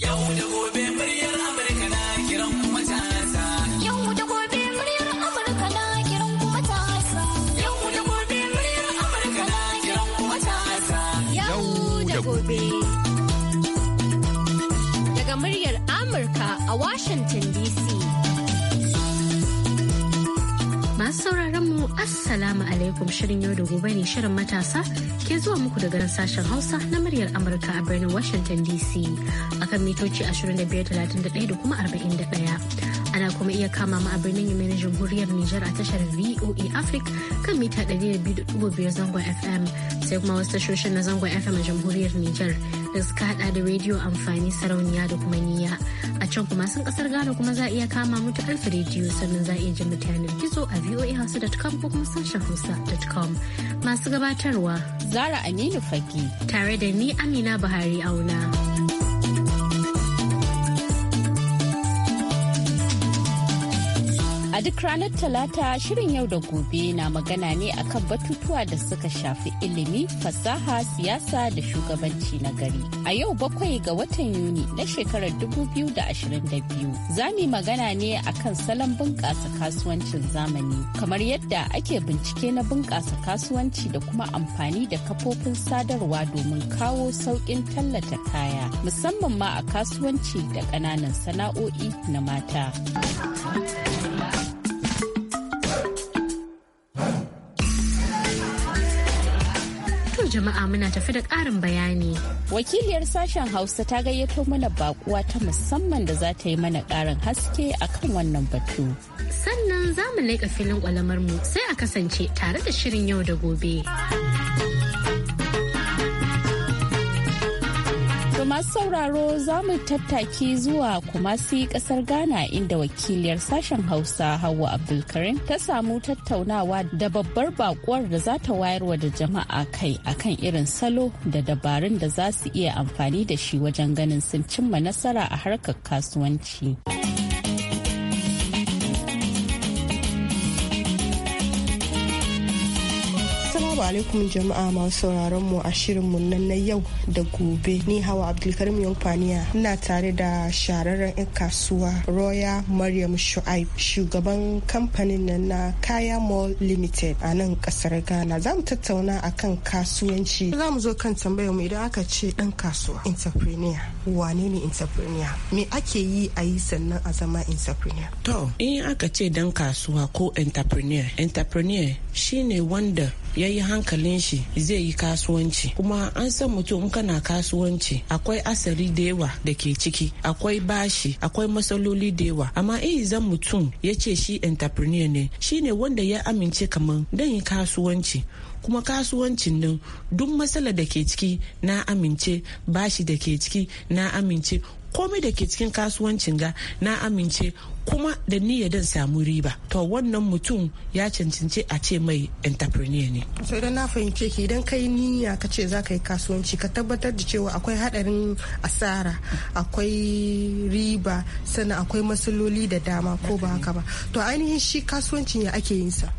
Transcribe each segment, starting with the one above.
da gobe muryar Amurka na kiran da gobe muryar Amurka na kiran da gobe muryar Amurka na kiran da gobe. Daga muryar Amurka a Washington Masu sauraron mu Assalamu alaikum shirin yau da gobe ne shirin matasa ke zuwa muku daga nan sashen Hausa na muryar Amurka a birnin Washington DC akan mitoci 2531 da kuma 41. Ana kuma iya kama mu a birnin Yamai na Jamhuriyar Nijar a tashar VOA e Africa kan mita 200.5 zangon FM sai kuma wasu tashoshin na zangon FM a Jamhuriyar Nijar da suka hada da rediyo amfani sarauniya da kuma niya A can kuma sun kasar Ghana kuma za a iya kama mu ta alfa rediyo sannan za a iya jin mutanen gizo a voahausa.com e ko kuma sashen hausa.com. Masu gabatarwa Zara Aminu Fagi tare da ni Amina Buhari Auna. A duk ranar Talata shirin yau da gobe na magana ne akan batutuwa da suka shafi ilimi, fasaha, siyasa da shugabanci na gari. A yau bakwai ga watan Yuni na shekarar 2022 za mu magana ne akan salon bunƙasa kasuwancin zamani kamar yadda ake bincike na bunƙasa kasuwanci da kuma amfani da kafofin sadarwa domin kawo sauƙin tallata kaya musamman ma a kasuwanci da ƙananan sana'o'i na mata. jama'a muna tafi da ƙarin bayani. Wakiliyar sashen Hausa ta gayyato mana bakuwa ta musamman da za ta yi mana ƙarin haske a kan wannan batu. Sannan za mu leƙa filin kwalamar mu sai a kasance tare da shirin yau da gobe. To masu sauraro za mu tattaki zuwa kumasi kasar Ghana inda wakiliyar sashen Hausa Hauwa Abdulkarim ta samu tattaunawa da babbar bakuwar da za ta wayarwa da jama'a kai akan irin salo da dabarun da za su iya amfani da shi wajen ganin sun cimma nasara a harkar kasuwanci. alaikum jama'a masu sauraron mu a shirinmu nan na yau da gobe. Ni hawa Abdulkarim Yankwaniya ina tare da shararren 'yan kasuwa Roya Maryam Shu'aib shugaban kamfanin nan na Kaya Mall Limited a nan kasar Ghana. Za mu tattauna a kan kasuwanci. Za mu zo kan tambayar mu idan aka ce dan kasuwa entrepreneur wane ne entrepreneur? Me ake yi a yi sannan a zama entrepreneur? To, in aka ce dan kasuwa ko entrepreneur, entrepreneur shine wanda ya yi hankalin shi zai yi kasuwanci kuma an san mutum kana kasuwanci akwai asali da yawa da ke ciki akwai bashi akwai matsaloli da yawa amma in zan mutum ya ce shi entrepreneur ne shi ne wanda ya amince kamar dan yi kasuwanci kuma kasuwancin nan duk matsala da ke ciki na amince bashi da ke ciki na amince komai da ke cikin kasuwancin ga na amince kuma da niyya dan samu riba to wannan mutum ya cancanci a ce mai entrepreneur ne so idan na fahimce ki idan kai niyya ka ce za ka yi kasuwanci ka tabbatar da cewa akwai hadarin asara akwai riba sannan akwai matsaloli da dama ko ba haka ba to ainihin shi kasuwancin ya ake yin sa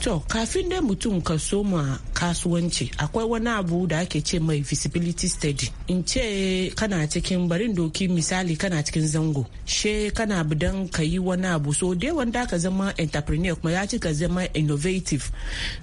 to kafin dai mutum ka soma kasuwanci akwai wani abu da ake ce mai visibility study in ce kana cikin barin doki misali kana cikin zango she kana bidan ka yi wani abu so dai wanda ka zama entrepreneur kuma ya ci ka zama innovative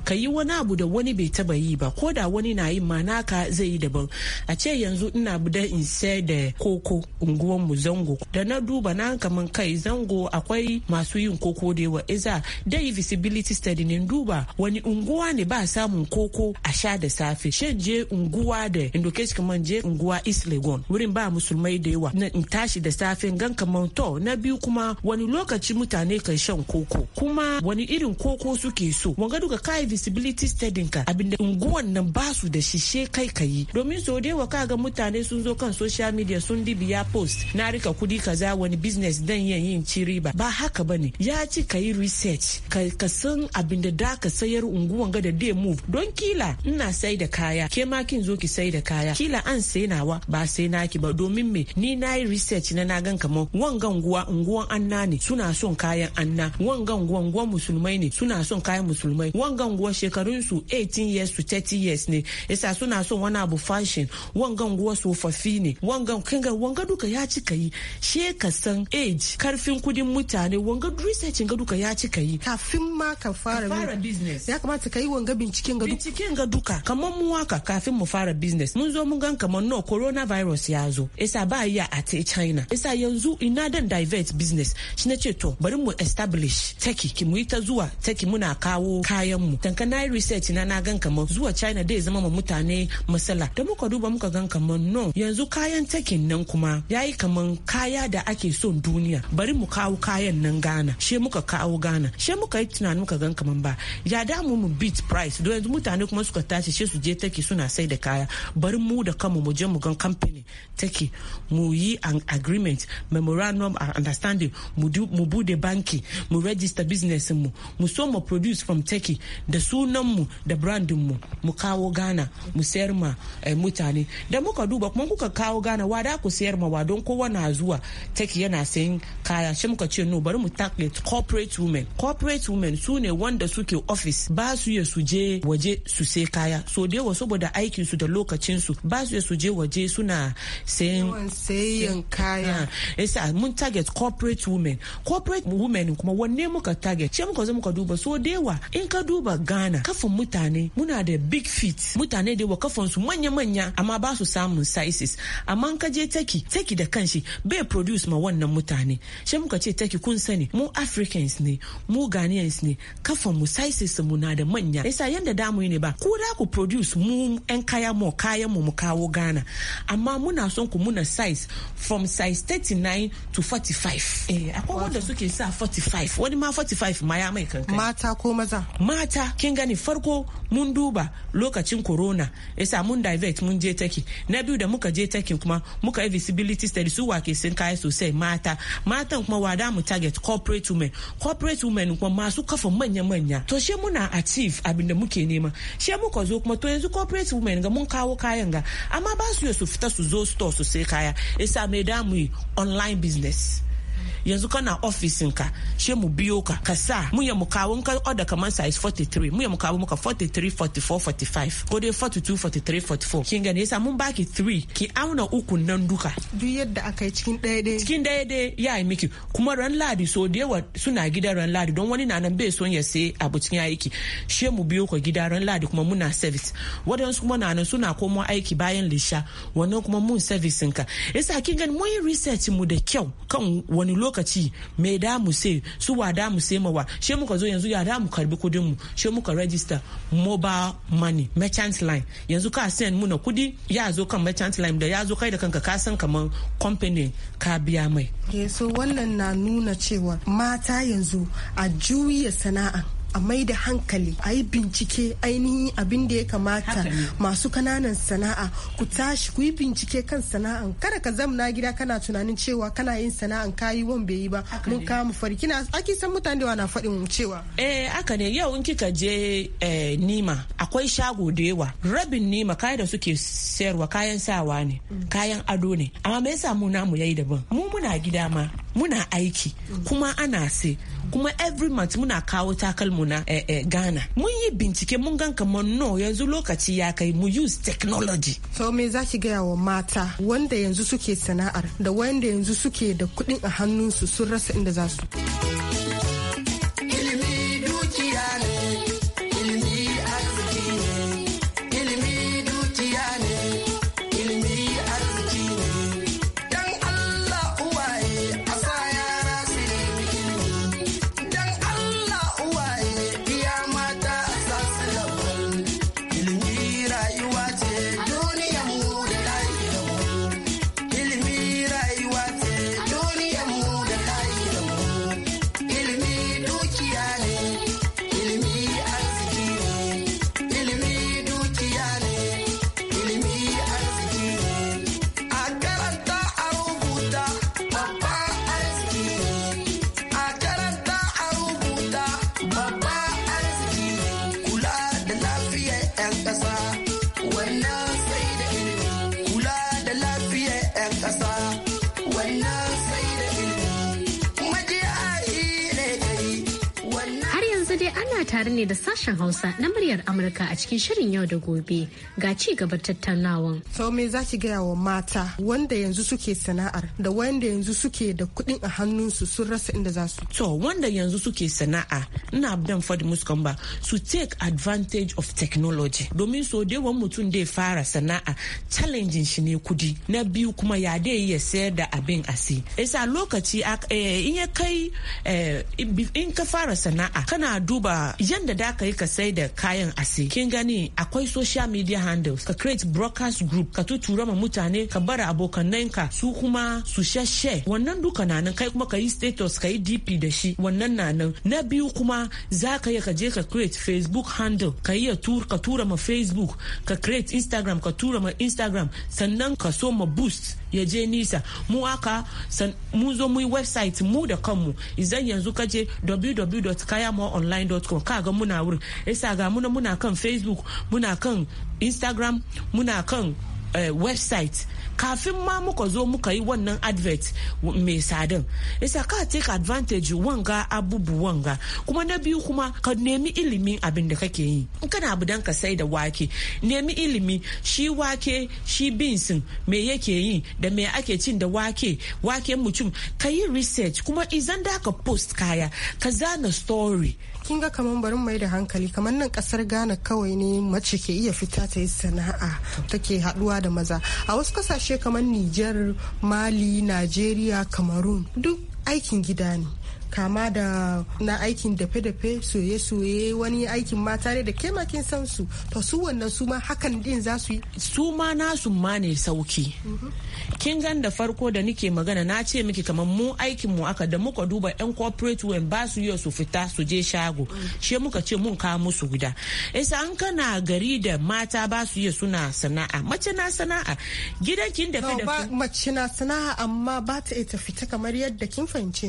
ka yi wani abu da wani bai taba yi ba ko da wani na yi ma naka zai yi daban a ce yanzu ina bidan in sai da koko unguwan mu zango da na duba na kaman kai zango akwai masu yin koko da yawa iza dai visibility study ne duba wani unguwa ne ba samun koko a sha da safe shan je unguwa da indoke kaman je unguwa east legon wurin ba musulmai da yawa na tashi da safe gan kaman to na biyu kuma wani lokaci mutane kan shan koko kuma wani irin koko suke so wanga duka kai visibility studying ka abinda unguwan nan ba su da she kai kayi domin so da yawa kaga mutane sun zo kan social media sun dibiya post na rika kudi kaza wani business dan yin ci ba ba haka bane ya ci kayi research ka san abinda da ka sayar unguwan ga da day move don kila ina sai da kaya ke ma kin zo ki sai da kaya kila an sai nawa ba sai naki ba domin me ni na yi research na na gan kamar wanga unguwa unguwan anna ne suna son kayan anna wanga unguwa unguwan musulmai ne suna son kayan musulmai wanga unguwa shekarun su 18 years to 30 years ne yasa suna son wani abu fashion wangan guwa tsofaffi ne wanga kinga wanga duka ya cika yi she ka san age karfin kudin mutane wanga research ga duka ya cika yi kafin ma ka fara business ya kamata ka yi wanga binciken ga duka binciken ga duka kamar mu waka kafin mu fara business mun zo mun gan kamar no virus ya zo isa ba ya a te china isa yanzu ina dan divert business shi ce to bari mu establish taki ki mu yi ta zuwa taki muna kawo kayan mu tanka na yi research na na gan kamar zuwa china dai zama ma mutane masala da muka duba muka gan kamar no yanzu kayan takin nan kuma yayi kamar kaya da ake son duniya bari mu kawo kayan nan gana she muka kawo gana she muka yi tunanin muka gan kamar ba ya da mu bit price don yanzu mutane kuma suka tashi shi su je take suna sai da kaya bari mu da kanmu mu je mu gan company take mu yi an agreement memorandum and understanding mu bude banki mu register business mu mu so mu produce from take da sunan mu da brandin mu mu kawo Ghana mu sayar ma eh, mutane da muka duba kuma kuka kawo Ghana wada ku sayar ma wa don kowa na zuwa take yana sayin kaya shi muka ce no bari mu target corporate women corporate women su ne wanda su suke ofis ba su ya su waje su sai kaya so da yawa saboda aikin su da lokacin su ba su ya su je waje suna sayan sayan kaya ah, yasa mun target corporate women corporate women kuma wanne muka target ce muka zo muka duba so da yawa in ka duba Ghana kafin mutane muna da big feet mutane da yawa kafin su manya manya amma ba su samun sizes amma ka je taki taki da kanshi bai produce ma wannan mutane ce muka ce taki kun sani mu Africans ne mu Ghanaians ne kafin mu sizes mu na da manya yasa yanda damu ne ba ku da ku produce mu yan kaya mu kayan mu mu kawo gana amma muna son ku muna size from size 39 to 45 eh akwai wanda suke sa 45 wani ma 45 ma ya mai kankan mata ko maza mata kin gani farko mun duba lokacin corona yasa mun divert mun je taki na biyu da muka je taki kuma muka yi visibility study su wake sun kaya sosai mata matan kuma wada mu target corporate women corporate women kuma masu kafa manya-manya manya to she muna achieve abin da muke nema she muka zo kuma to yanzu corporate women ga mun kawo kayan ga amma ba su su fita su zo store su sai kaya yasa mai damu online business yanzu kana ofisin ka she mu biyo ka ka sa mu ya mu kawo ka oda kamar size 43 mu ya mu kawo muka 43 44 45 ko dai 42 43 44 kin gane yasa mun baki 3 ki auna uku nan duka duk yadda akai cikin daya dai cikin daya dai ya yi miki kuma ran ladi so da yawa suna gidan ran ladi don wani na nan bai son ya sai abu cikin aiki she mu biyo ka gida ran ladi kuma muna service wadansu kuma na nan suna komo aiki bayan lisha wannan kuma mun service ka yasa kin gani mun yi research mu da kyau kan wani lokaci lokaci me da mu sai su wa da mu sai mawa she muka zo yanzu ya da mu karbi kudin mu she muka register mobile money merchant line yanzu ka send na kudi ya zo kan merchant line da ya zo kai da kanka ka san kaman company ka biya mai eh, so wannan na nuna cewa mata yanzu a juya sana'a a mai da hankali a yi bincike ainihin abin da ya kamata masu kananan sana'a ku tashi ku yi bincike kan sana'an kada ka zamna gida kana tunanin cewa kana yin sana'an kayi wan bai yi ba mun kama fari kina aki san mutane da na faɗin cewa eh aka ne yau in kika je eh, nima akwai shago da yawa rabin nima kayan da suke sayarwa kayan sawa ne mm. kayan ado ne amma me yasa mu namu yayi daban mu muna gida ma muna aiki mm. kuma ana sai kuma every month muna kawo takalmu na eh, eh, Ghana mun yi bincike mun gan kamar no yanzu lokaci ya kai mu use technology so me za ki gaya wa mata wanda yanzu suke sana'ar da wanda yanzu suke da kuɗin a hannunsu sun rasa inda za su tare ne da sashen Hausa na muryar Amurka a cikin shirin yau da gobe ga ci gaba tattaunawan. Sau me za ki gaya wa mata wanda yanzu suke sana'ar da wanda yanzu suke da kuɗin a hannunsu sun rasa inda za su. To wanda yanzu suke sana'a ina dan fadi the su take advantage of technology domin so dai wani mutum dai fara sana'a challenge shi ne kudi na biyu kuma ya dai ya sayar da abin asi. Isa lokaci eh, in ya kai eh, in ka fara sana'a kana duba zancen da da ka yi ka sai da kayan ase kin gani akwai social media handles ka create broadcast group ka tutura ma mutane ka bar ka su kuma su shashe wannan duka na nan kai kuma ka yi status ka yi dp da shi wannan na nan na biyu kuma za ka yi ka je ka create facebook handle ka yi ka tura ma facebook ka create instagram ka tura ma instagram sannan ka so ma boost ya je nisa mu aka mun zo mu yi website mu da kanmu idan yanzu ka je www.kayamoronline.com ka ga muna wurin yasa ga muna muna kan facebook muna kan instagram muna kan eh, website kafin ma muka zo muka yi wannan advert mai sadan yasa ka take advantage wanga abubuwan ga kuma na biyu kuma ka nemi ilimin abin da kake yi in kana abu dan ka sai da wake nemi ilimi shi wake shi binsin me yake yi da me ake cin da wake wake mutum ka yi research kuma izan da ka post kaya ka zana story kin ga kamar barin mai da hankali kamar nan kasar ghana kawai ne mace ke iya fita ta yi sana'a take haduwa da maza a wasu kasashe kasashe kamar Nijar, Mali, Najeriya, Cameroon duk aikin gida ne kama da na aikin dafe-dafe soye-soye wani aikin mata ne da kemakin sansu to su wannan su ma hakan din za su yi su ma nasu ma ne sauki kin gan da farko da nike magana na ce miki kamar mu aikin mu aka da muka duba yan corporate wen ba su yi su fita su je shago she muka ce mun ka musu guda isa an kana gari da mata ba su yi suna sana'a mace na sana'a gidan kin dafe-dafe mace na sana'a amma ba ta ita fita kamar yadda kin fahimce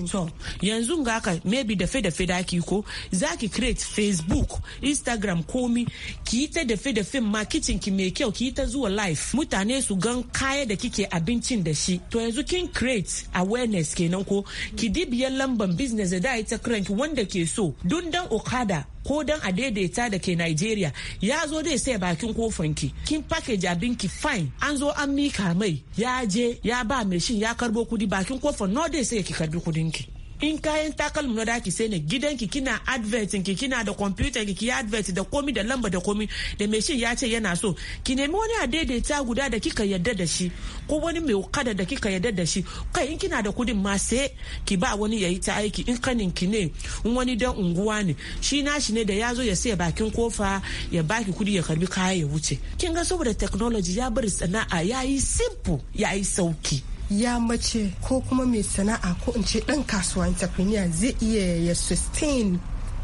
yanzu yanzu ga haka maybe dafe dafe daki ko zaki create facebook instagram komi ki yi ta dafe dafe ma kitchen ki mai kyau ki ta zuwa life mutane su gan kaya da kike abincin da shi to yanzu kin create awareness kenan ko ki dibiyar lamban business da ita kiran ki wanda ke so don dan okada ko dan a daidaita da ke Nigeria ya zo dai sai bakin kofan ki kin package abin ki fine an zo an mika mai ya je ya ba mai shin ya karbo kudi bakin kofan no dai sai ki karbi kudin ki in kayan takalmi na daki sai ne gidanki kina advertin ki kina da computer ki ki advert da komi da lamba da komi da mai shin ya ce yana so ki nemi wani a guda da kika yarda da shi ko wani mai kada da kika yarda da shi kai in kina da kudin ma sai ki ba wani yayi ta aiki in kanin ki ne in wani dan unguwa ne shi na shi ne da ya zo ya saya bakin kofa ya baki kudi ya karbi kaya ya wuce kin ga saboda technology ya bari sana'a yayi simple yayi sauki ya mace ko kuma mai sana'a ko in ce dan kasuwa entrepreneur zai iya ya sustain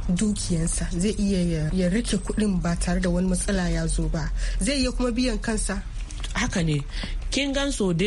dukiyansa zai iya ya rike kudin ba tare da wani matsala ya zo ba zai iya kuma biyan kansa haka ne kin gan so da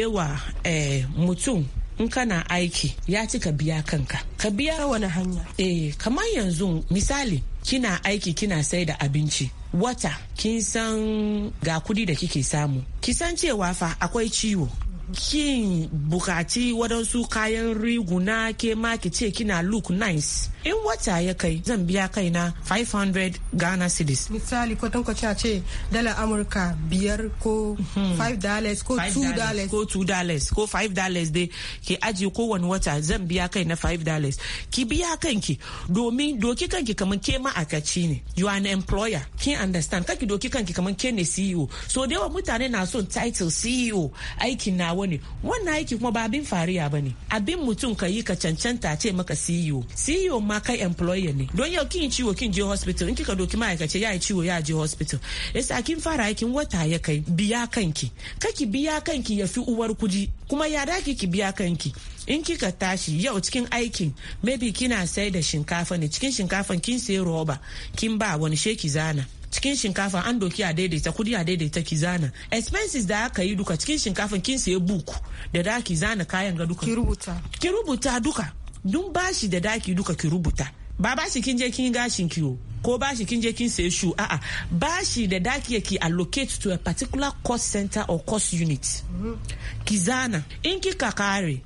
eh, mutum in kana aiki ya ci ka biya kanka ka biya wani hanya eh kamar yanzu misali kina aiki kina sai da abinci wata kin san ga kudi da kike samu kisan cewa fa akwai ciwo kin bukaci wadansu kayan riguna ke ma ki ce kina look nice in wata ya kai zan biya kaina 500 ghana cedis misali kwatan tankwaci a ce dala amurka biyar ko 5 mhm. dollars ko 2 dollars ko 2 dollars ko 5 dollars dai ke ajiye kowane wata zan biya kai na 5 dollars ki biya kanki domin doki kanki kamar ke ma'akaci ne you are an employer ki understand kaki doki kanki kamar ke ne ceo so da yawa mutane na son title ceo aikin nawa ne wannan aiki kuma ba abin fariya ba ne abin mutum ka yi ka cancanta ce maka ceo ceo ma ma kai employer ne don yau kin ciwo kin je hospital in kika doki ma'aikaci ya yi ciwo ya je hospital yasa kin fara aikin wata ya kai biya kanki kaki biya kanki ya fi uwar kuji kuma ya daki ki biya kanki in kika tashi yau cikin aikin maybe kina sai da shinkafa ne cikin shinkafan kin sai roba kin ba wani sheki zana cikin shinkafa an doki a daidaita kudi a daidaita ki zana expenses da aka yi duka cikin shinkafan kin sayi buku da da ki zana kayan ga duka ki rubuta ki rubuta duka dun bashi da daki duka ki rubuta ba bashi kin je kin gashin kiwo ko bashi kin je kin sayi shu a'a bashi da daki ya ki allocate to a particular cost center or cost unit kizana mm-hmm. ki zana in kika kare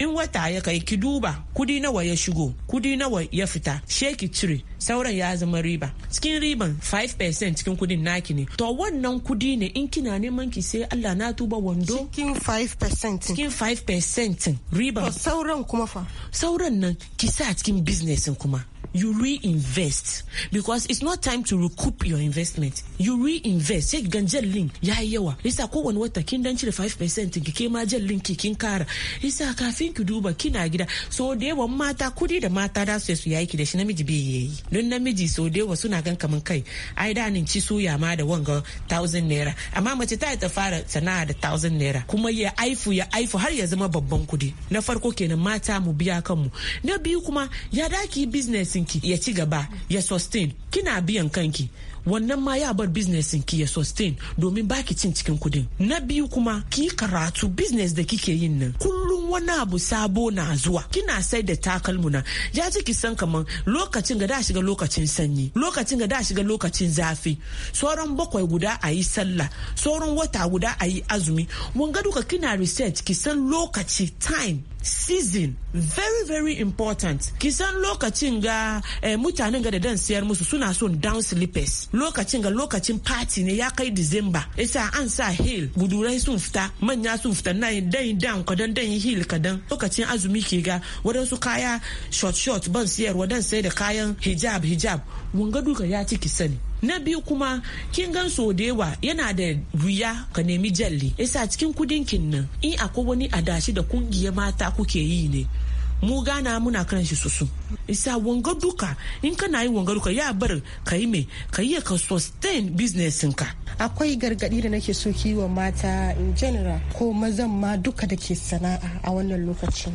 in wata ya kai ki duba kudi nawa ya shigo kudi nawa ya fita sheki cire sauran ya zama riba cikin riban 5% cikin kudin naki ne to wannan kudi ne in kina neman ki sai Allah na tuba wando cikin 5% cikin 5% riba sauran kuma fa sauran nan ki sa cikin business kuma you reinvest because it's not time to recoup your investment you reinvest sai gan link ya yi yawa yasa kowane wata kin dan cire 5% ki ke ma jallin ki kin kara yasa kafin ki duba kina gida so da yawan mata kudi da mata da su yayi ki da shi namiji bai yayi don namiji so da yawa suna gan kaman kai ai da nin ci suya ma da wanga 1000 naira amma mace ta ta fara sana'a da 1000 naira kuma ya aifu ya aifu har ya zama babban kudi na farko kenan mata mu biya kanmu na biyu kuma ya daki business ki ya ci gaba ya sustain kina biyan kanki wannan ma ya bar businessin ki ya sustain domin baki cin cikin kudin na biyu kuma ki karatu business da kike yin nan kullum wani abu sabo na zuwa kina sai da na ya ji ki san kaman lokacin ga da shiga lokacin sanyi lokacin ga da shiga lokacin zafi sauran bakwai guda a yi sallah sauran wata guda a yi azumi wanga duka kina research ki san lokaci time season very very important kisan lokacin ga eh, mutanen ga da dan siyar musu suna son down slippers lokacin ga lokacin party ne ya kai december isa an sa hill budurai sun fita manya sun fita na dan dan kadan dan hill kadan lokacin azumi ke ga wadansu kaya short short ban siyar dan sai da kayan hijab hijab wanga duka ya ci kisani na biyu kuma kin gan so yana da wuya ka nemi jalli yasa cikin kudin kin nan in akwai wani adashi da kungiyar mata kuke yi ne mu gana muna kiran shi susu isa wanga duka in kana yi wanga duka ya bar ka yi mai ka yi ka sustain business ka akwai gargadi da nake so ki wa mata in general ko mazan ma duka da ke sana'a a wannan lokacin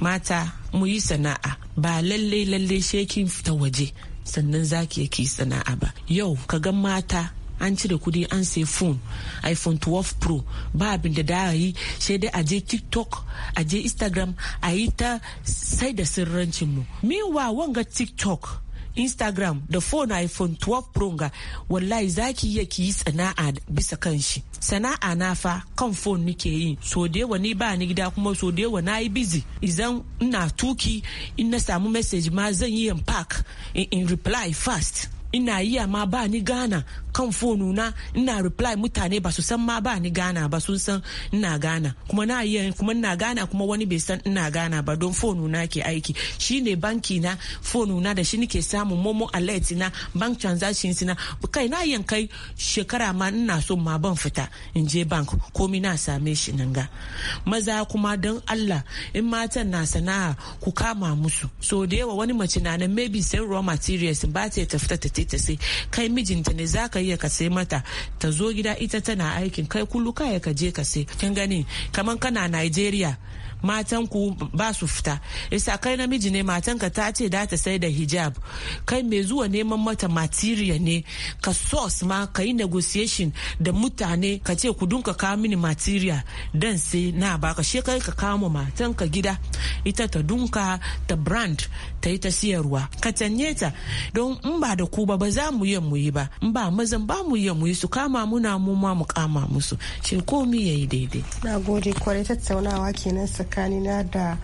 mata mu yi sana'a ba lalle lalle shekin fita waje sannan zaki yake sana'a ba yau ka ga mata an cire kudi an sai phone iphone 12 pro ba abin da da yi sai dai aje tiktok aje instagram a yi ta sai da sirrancin mu meanwhile wanga tiktok instagram da phone iphone 12 pro ga wallahi zaki iya ki yi sana'a bisa kan shi sana'a na fa kan phone nike yi so da yawa ni ba ni gida kuma so da yawa na yi busy idan ina tuki in na samu message ma zan yi in park in reply fast ina yi ma ba ni gana kan fonu na ina reply mutane ba su san ma ba ni gana ba sun san ina gana kuma na yi kuma ina gana kuma wani bai san ina gana ba don fonu na ke aiki shine banki na fonu na da shi nike samun momo alert na bank transactions na kai na yi kai shekara ma ina so ma ban fita in je bank komi na same shi nan ga maza kuma don Allah in matan na sana'a ku kama musu so da yawa wani mace na nan maybe sai raw materials ba ta fita ta ta sai kai mijinta ne za ka iya ka sai mata ta zo gida ita tana aikin kai kullu kaya ka je ka sai kin gani kamar kana Nigeria matan ku ba su fita isa kai namiji ne matanka ta ce da ta sai da hijab kai mai zuwa neman mata material ne ka source ma ka yi negotiation da mutane ka ce ku dunka ka mini material dan sai na baka she kai ka kama matanka gida ita ta dunka ta brand ta yi ta siyarwa ka canye ta don in ba da ku ba ba za mu yi mu yi ba in ba mazan ba mu yi mu yi su kama muna mu ma mu kama musu shi komi yayi daidai na gode kwarai tattaunawa kenan tsakanina da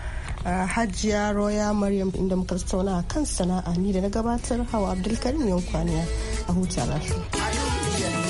ah, hajiya roya maryam inda muka tattauna kan sana'a ni da na gabatar hawa abdulkarim yankwaniya a huta lafiya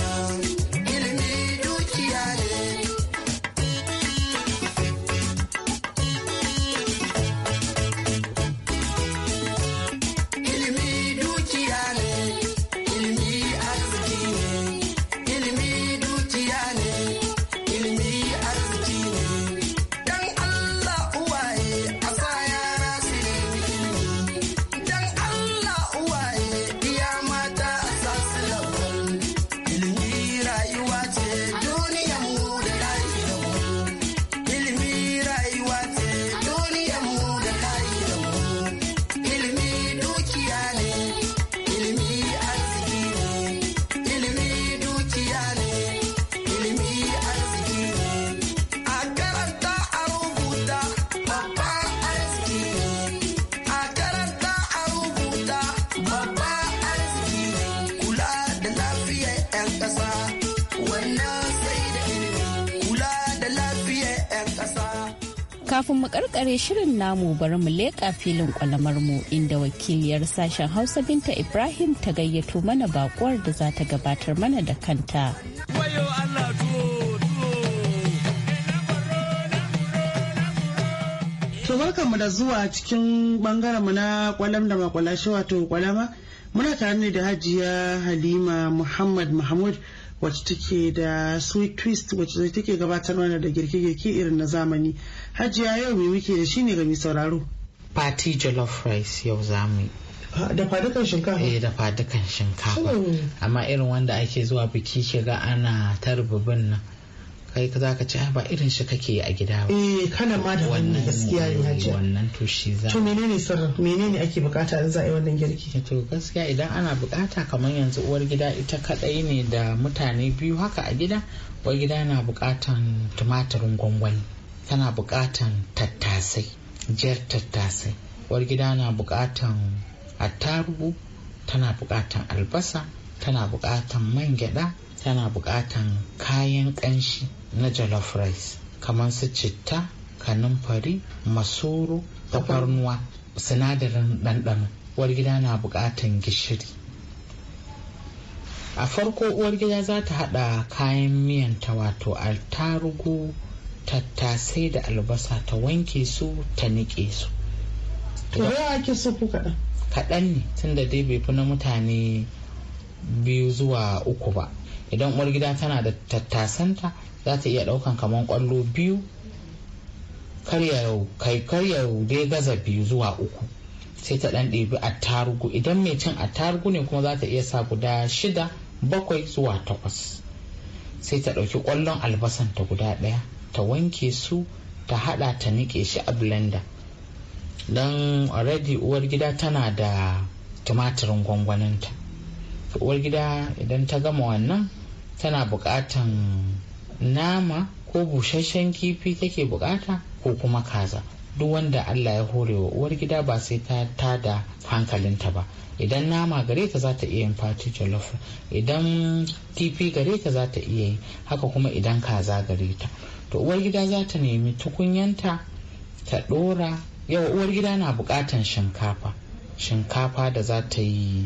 Kafin mu karkare shirin namu bari mu leƙa filin kwalamar mu inda wakiliyar sashen Hausa Binta Ibrahim ta gayyato mana bakuwar da za ta gabatar mana da kanta. To barkanmu da zuwa cikin mu na kwalam da makwalashi wato kwalama muna tare ne da hajiya Halima Muhammad Mahmud. wacce take da sweet twist wacce take gabatar mana da girke-girke irin na zamani hajiya yau me muke da shi ne ga mai sauraro party jollof rice yau zamu yi ah, da fadukan shinkafa eh da fadukan shinkafa hmm. amma irin wanda ake zuwa biki shiga ana tarbibin nan kai ka zaka ci ah, ba irin shi kake a gida ba eh kana ma da wannan gaskiya ne haji wannan to shi za to menene sirrin menene ake bukata in za a yi wannan girki to gaskiya idan ana bukata kamar yanzu uwar gida ita kadai ne da mutane biyu haka a gida uwar gida na bukatan tumatirin gwangwani tana bukatan tattasai jar tattasai uwar gida na bukatan attarugu tana bukatan albasa tana bukatan man gyada tana bukatan kayan kanshi na jollof rice kamar su citta kanumfari masoro tafarnuwa sinadarin ɗanɗano uwar gida na buƙatan gishiri a farko uwar gida za ta haɗa kayan miyanta wato altarugu tattasai da albasa ta wanke su ta niƙe su to sufu kaɗan kaɗan ne tunda dai bai fi na mutane biyu zuwa uku ba idan uwar gida tana da tattasanta za ta iya ɗaukan kamar ƙwallo biyu karyau dai gaza biyu zuwa uku sai ta ɗan ɗebi tarugu idan mai cin tarugu ne kuma za ta iya sa guda shida bakwai zuwa takwas sai ta ɗauki ƙwallon albasan ta guda ɗaya ta wanke su ta haɗa ta niƙe shi a blender don already uwar gida tana da tumatirin gwangwaninta uwar gida idan ta gama wannan tana buƙatan nama ko busasshen kifi kake bukata ko kuma kaza duk wanda Allah ya hore wa uwar gida ba sai ta tada hankalinta ba idan nama gare zata za ta iya yin fati jollof idan kifi gare zata za ta iya yi haka kuma idan kaza gare ta to uwar gida za ta nemi tukunyanta ta dora yau uwar gida na bukatan shinkafa shinkafa da za ta yi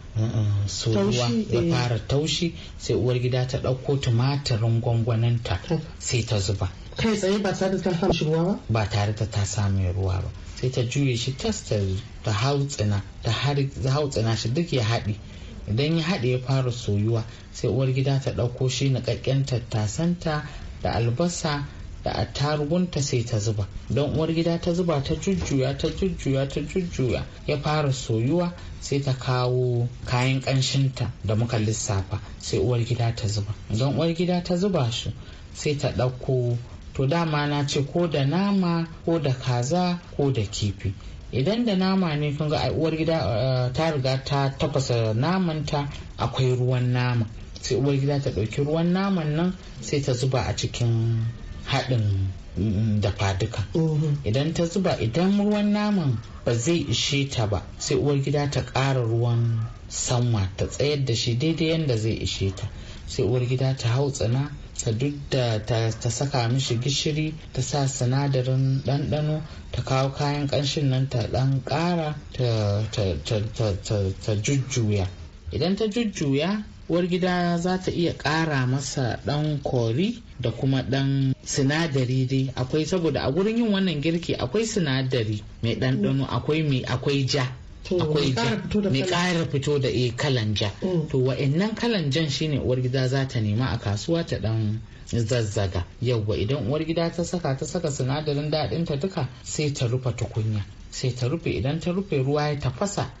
so ya eh. fara taushi sai uwar gida ta ɗauko tumatirin gwangwaninta sai ta zuba kai tsaye ba tare da ta samu ruwa ba ba tare da ta samu ruwa ba sai ta juye shi tas ta hautsina ta hautsina shi duk ya haɗi idan ya haɗe ya fara soyuwa sai uwar gida ta ɗauko shi niƙaƙƙen tattasanta da albasa da a attarugunta sai ta zuba don uwar gida ta zuba ta jujjuya ta jujjuya ta jujjuya ya fara soyuwa sai ta kawo kayan kanshinta da muka lissafa sai uwar gida ta zuba don uwar gida ta zuba shi sai ta ɗauko to dama na ce ko da nama ko da kaza ko da kifi idan da nama ne kun ga uwar gida eh, ta riga ta tafasa namanta akwai ruwan nama sai uwar gida ta ɗauki ruwan naman nan sai ta zuba a cikin haɗin mm, dafa duka idan ta zuba idan ruwan naman ba zai ishe ta ba sai uwar gida ta ƙara ruwan sanwa ta tsayar da shi daidai yadda zai ishe ta sai uwar gida ta hau tsana ta duk da ta saka mishi gishiri ta sa sinadarin ɗanɗano ta kawo kayan ƙanshin nan ta ɗan ƙara ta jujjuya idan ta jujjuya uwar gida za ta iya ƙara masa ɗan kori da kuma ɗan sinadari dai akwai saboda a gurin yin wannan girki akwai sinadari mai ɗanɗano akwai mai akwai ja akwai ja mai ƙara fito da e kalan ja mm. to wa'annan kalan jan shine uwar gida za ta nema a kasuwa ta ɗan zazzaga yawwa idan uwar gida ta saka ta saka sinadarin ta duka sai ta rufe tukunya sai ta rufe idan ta rufe ruwa ya tafasa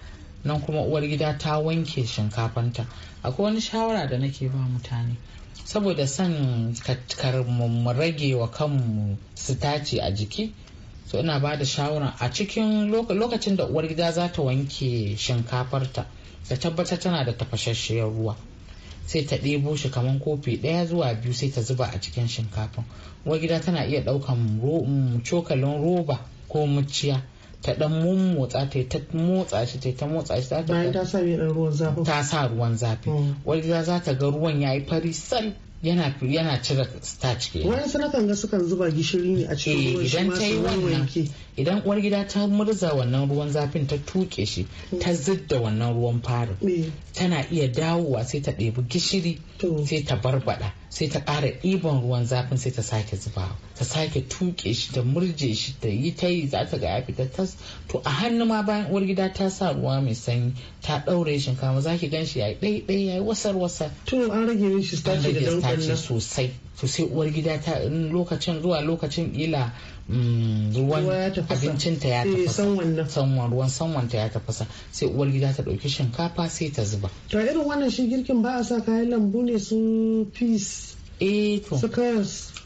nan kuma uwar gida ta wanke shinkafanta akwai wani shawara da nake ba mutane saboda son mu rage wa kanmu sitaci a jiki so ina ba da shawara a cikin lokacin da uwar gida za ta wanke shinkafarta ta tabbatar tana da tafashasshiyar ruwa sai ta ɗebo shi kamar kofi ɗaya zuwa biyu sai ta zuba a cikin shinkafin uwar gida tana iya ɗaukan mm, cokalin roba ko muciya ta dan mummotsa ta ta motsa shi ta ta motsa shi ta ta sa ruwan zafi ta sa ruwan zafi hmm. wani za ta ga ruwan yayi fari san yana yana cire starch ke wani sanakan ga sukan zuba gishiri ne a cikin eh, ruwan shi ma su wanke idan uwar gida ta murza wannan ruwan zafin ta tuke shi ta mm. zidda wannan ruwan farin mm. tana iya dawowa sai ta ɗebi gishiri sai ta barbada sai ta ƙara ɗiban ruwan zafin sai ta sake zubawa ta sake tuke shi ta murje shi ta yi ta yi za ta ga ya fita tas to a hannu ma bayan uwar gida ta sa ruwa mai sanyi ta ɗaure shinkafa za ki gan shi ya yi ɗaiɗai ya yi wasar wasar to an rage shi sosai to sai uwar gida ta lokacin zuwa lokacin ila mm, ruwan ta ya tafasa eh, sanwan ruwan ya tafasa sai uwar gida ta ɗauki shinkafa sai ta zuba to irin wannan shi girkin ba a sa kayan lambu ne su peace eh to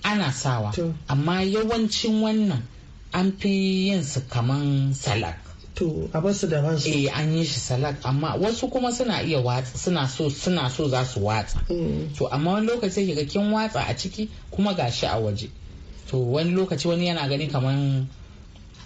ana sawa amma yawancin wannan an fi yin su kaman salad to a basu da ransu. eh an yi shi salak amma wasu kuma suna iya watsa suna so suna so za su watsa mm. to amma wani lokaci ga kin watsa a ciki kuma gashi a waje to wani lokaci wani yana gani kaman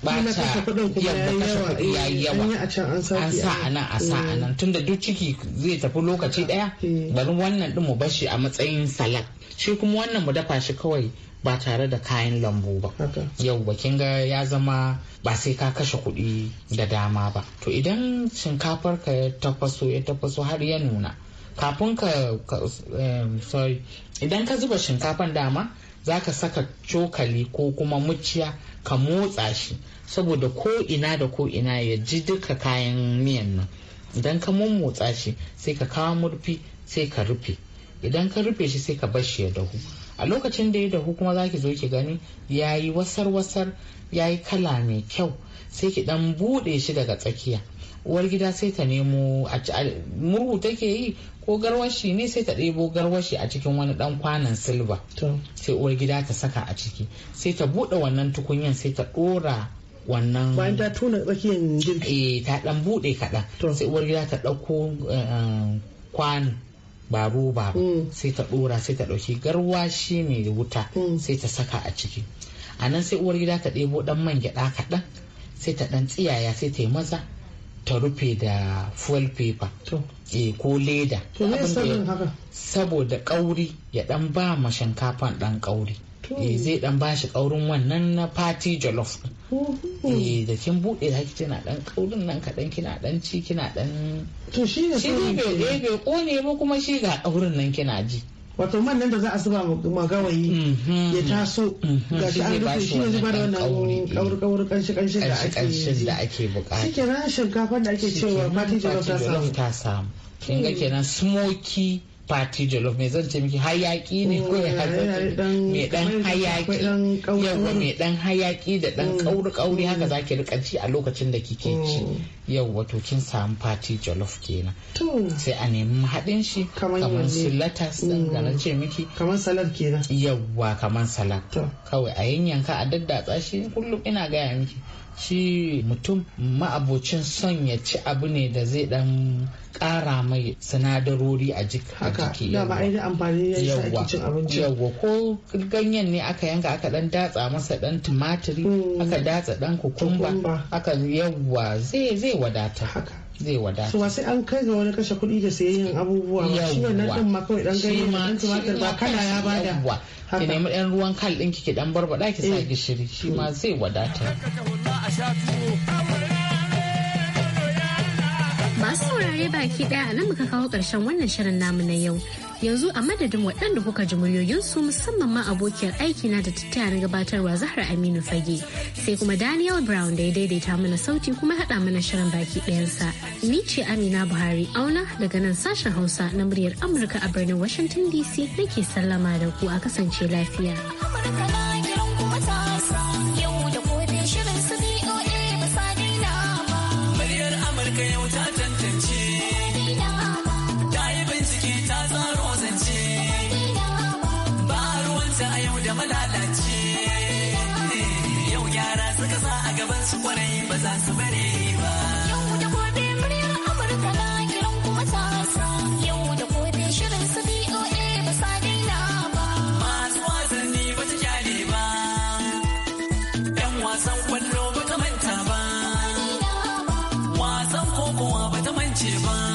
bata yadda kashe kuɗi ya yi yawa an sa a nan a sa a mm. nan tunda duk ciki zai tafi lokaci ɗaya mm. bari wannan ɗin mu bashi a matsayin salak shi kuma wannan mu dafa shi kawai ba tare da kayan lambu ba yau ba kin ga ya zama ba sai ka kashe kuɗi da dama ba to idan shinkafar ka ya tafaso ya tafaso har ya nuna kafin ka sorry idan ka zuba shinkafan dama za ka saka cokali ko kuma muciya ka motsa shi saboda ko ina da ko ina ya ji duka kayan miyan nan idan ka mummotsa shi sai ka kawo murfi sai ka rufe idan ka rufe shi sai ka bar shi ya dahu a lokacin da ya dahu kuma za ki zo ki gani ya yi wasar-wasar ya yi kala mai kyau sai ki dan buɗe shi daga tsakiya uwar gida sai ta nemo murhu take yi ko garwashi ne sai ta ɗebo garwashi a cikin wani ɗan kwanan silba sai uwar gida ta saka a ciki sai ta buɗe wannan tukunyan sai ta ɗora wannan bayan ta tuna tsakiyar girki eh ta ɗan buɗe kaɗan sai uwar gida ta ɗauko eh, kwano ba roba ba mm. sai ta dora sai ta dauki shi ne wuta mm. sai ta saka a ciki a nan sai uwar gida ta ɗebo ɗan man gyaɗa kaɗan sai ta ɗan tsiyaya sai ta yi maza ta rufe da fuel paper e, ko leda saboda kauri ya ɗan ba ma shinkafan ɗan kauri. Eh, zai dan bashi kaurin wannan na party jollof eh da kin bude za ki tana dan kaurin nan kadan kina dan ci kina dan to shi ne shi bai eh, bai kone ba kuma shi ga kaurin nan kina ji wato man nan da za a zuba gawayi. Mhm. ya taso mhm. ga shi an rufe shi ne zuba da wannan kauri-kauri kanshi-kanshi da ake da ake bukata shi kenan shinkafa da ake cewa fatin jollof ta samu kin ga hmm. kenan smoky fati jollof mai zan miki hayaki ne ko ya mai dan hayaki yawa mai dan hayaki da dan kauri mm. kauri haka mm. zaki rika ci a lokacin da kike ci mm. yawa to kin samu fati jollof kenan sai a nemi haɗin shi kamar su latas din ce miki kamar salad kenan yawa kamar salad kawai a yanyanka a daddatsa shi kullum ina gaya miki shi mutum ma'abocin son ya ci abu ne da zai dan kara mai sinadarori a jiki haka dama ainihin amfani ya cin abinci yawwa ko ganyen ne aka yanka aka dan datsa masa dan tumatiri hmm. aka datsa dan kukumba aka yawwa zai zai wadata haka zai wadata. Suwa sai an kai ga wani kashe kuɗi da sayayyan abubuwa ba shi wannan ɗin ma kawai ɗan ganye ɗan tumatir ba kana ya bada. Ki nemi ɗan ruwan kal ɗin ki ɗan barbaɗa ki sa eh. gishiri shi ma zai wadata. Masu saurare baki ɗaya a nan muka kawo ƙarshen wannan shirin namu na yau. yanzu a madadin waɗanda kuka ji su musamman ma abokiyar na da tattaya na gabatarwa zahra aminu fage sai kuma daniel brown da ya daidaita mana sauti kuma haɗa mana shirin baki ɗayansa ni ce amina buhari auna daga nan sashen hausa na muryar amurka a birnin washington dc nake sallama da ku a kasance lafiya.